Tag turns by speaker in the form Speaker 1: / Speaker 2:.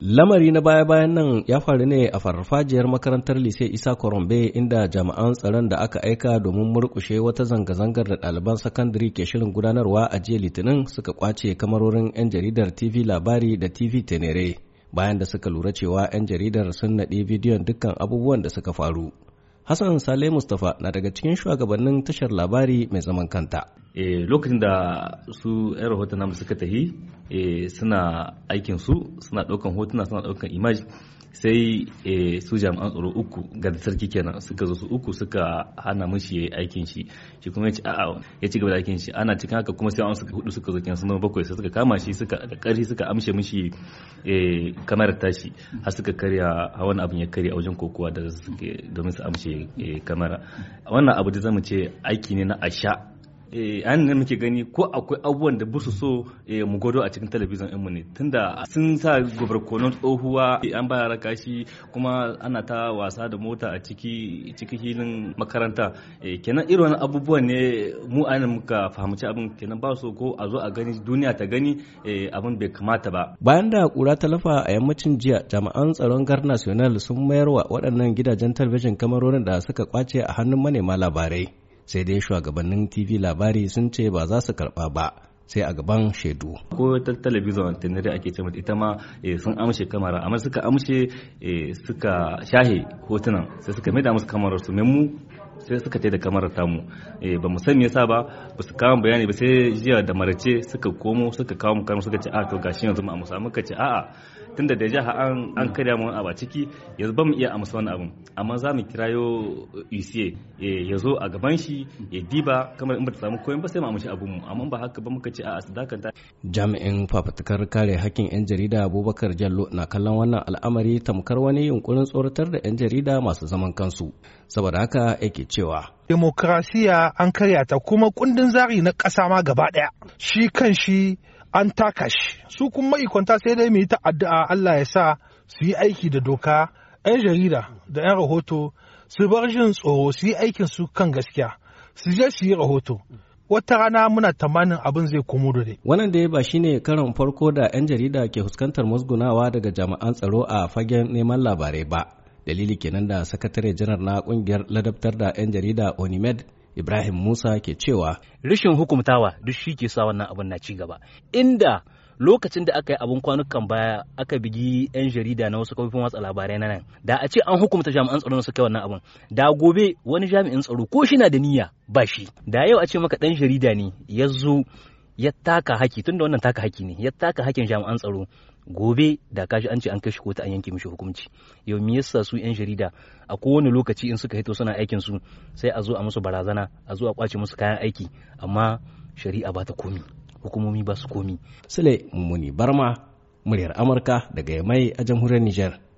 Speaker 1: Lamari na baya-bayan nan ya faru ne a farfajiyar makarantar Lise Isa Korombe inda jami'an tsaron da aka aika domin murkushe wata zanga-zangar da ɗaliban sakandare ke shirin gudanarwa a jiya Litinin suka kwace kamarorin 'yan jaridar TV Labari da TV Tenere bayan da suka lura cewa 'yan jaridar sun naɗi bidiyon dukkan abubuwan da suka faru.
Speaker 2: Hassan Sale Mustapha na daga cikin shugabannin tashar labari mai zaman kanta. Eh, lokacin da su 'yan rahoton namu suka tahi eh, suna aikin su suna ɗaukan hotuna suna ɗaukan image sai eh, su jami'an tsaro uku ga sarki kenan suka zo su uku suka hana mishi aikin shi shi kuma ya ci a'a ya ci gaba da aikin shi ana cikin haka kuma sai an suka hudu suka zo kenan suna bakwai sai suka kama shi suka da ƙarfi suka amshe mishi kamar tashi har suka karya wani abin ya karya a wajen kokowa da suke domin su amshe kamar wannan abu da zamu ce aiki ne na asha Eh, an nan muke gani ko akwai abubuwan da busu so eh, mu gado a cikin talabijin ɗinmu ne tunda sun sa gobarkonon tsohuwa eh, an ba yara kashi kuma ana ta wasa da mota a ciki cikin hilin makaranta kenan irin wani abubuwan ne mu a muka fahimci abin kenan ba so ko a zo a gani duniya ta gani abin bai kamata ba
Speaker 1: bayan da kura talafa a yammacin jiya jami'an tsaron gar national sun mayar wa waɗannan gidajen talabijin kamarorin da suka kwace a hannun manema labarai sai dai shugabannin tv labari sun ce ba za su karba ba sai a gaban shaidu
Speaker 2: ko talabijin tenere ake ce mata ita ma eh, sun amshe kamara amma suka amshe eh, suka shahe hotunan sai suka da musu kamarar su mu sai suka ta da kamarar tamu eh, ba mu san me yasa ba ba su kawo bayani ba sai jiya da marace suka komo suka kawo mu kamar suka ce a to gashi yanzu mu amsa muka ce a'a tunda da jiha an an kada mu a ciki yanzu ba mu iya amsa wani abin amma za mu kirayo UCA eh, ya zo a gaban shi ya diba kamar in ba ta samu koyon ba sai mu amshi abun mu amma ba haka ba muka ce a'a su dakanta
Speaker 1: jami'in fafatukar kare hakkin yan jarida Abubakar Jallo na kallon wannan al'amari tamkar wani yunkurin tsoratar da yan jarida masu zaman kansu saboda haka yake ke cewa.
Speaker 3: Demokrasiya an karya ta kuma kundin zari na ƙasa ma gaba ɗaya. Shi kan shi an taka shi. Su kuma ikonta sai dai mu yi ta addu'a Allah ya sa su yi aiki da doka 'yan jarida da 'yan rahoto su bar jin tsoro su yi aikin su kan gaskiya su je su yi rahoto. wata rana muna tamanin abin zai komo dai.
Speaker 1: Wannan da ba shine karin farko da 'yan jarida ke fuskantar musgunawa daga jami'an tsaro a fagen neman labarai ba. dalili kenan da sakatare janar na kungiyar
Speaker 3: ladabtar da 'yan jarida onimed ibrahim musa ke cewa rashin hukumtawa duk shi ke sa wannan abin na ci gaba inda lokacin da aka yi abin kwanukan baya aka bigi 'yan jarida na wasu kafofin watsa labarai na nan da a ce an hukumta jami'an tsaro su kai wannan abin da gobe wani jami'in tsaro ko shi na da niyya ba shi da yau a ce maka dan jarida ne ya zo ya taka haki tun da wannan taka haki ne ya taka hakin jami'an tsaro gobe da kashi an ce an shi kota an yanke mishi hukunci yau me yasa su yan jarida a kowane lokaci in suka hito suna aikin su sai a zo a musu barazana a zo a kwace musu kayan aiki amma shari'a ba ta komi hukumomi ba su komi sule muni barma muryar amurka daga
Speaker 1: mai a jamhuriyar Nijar.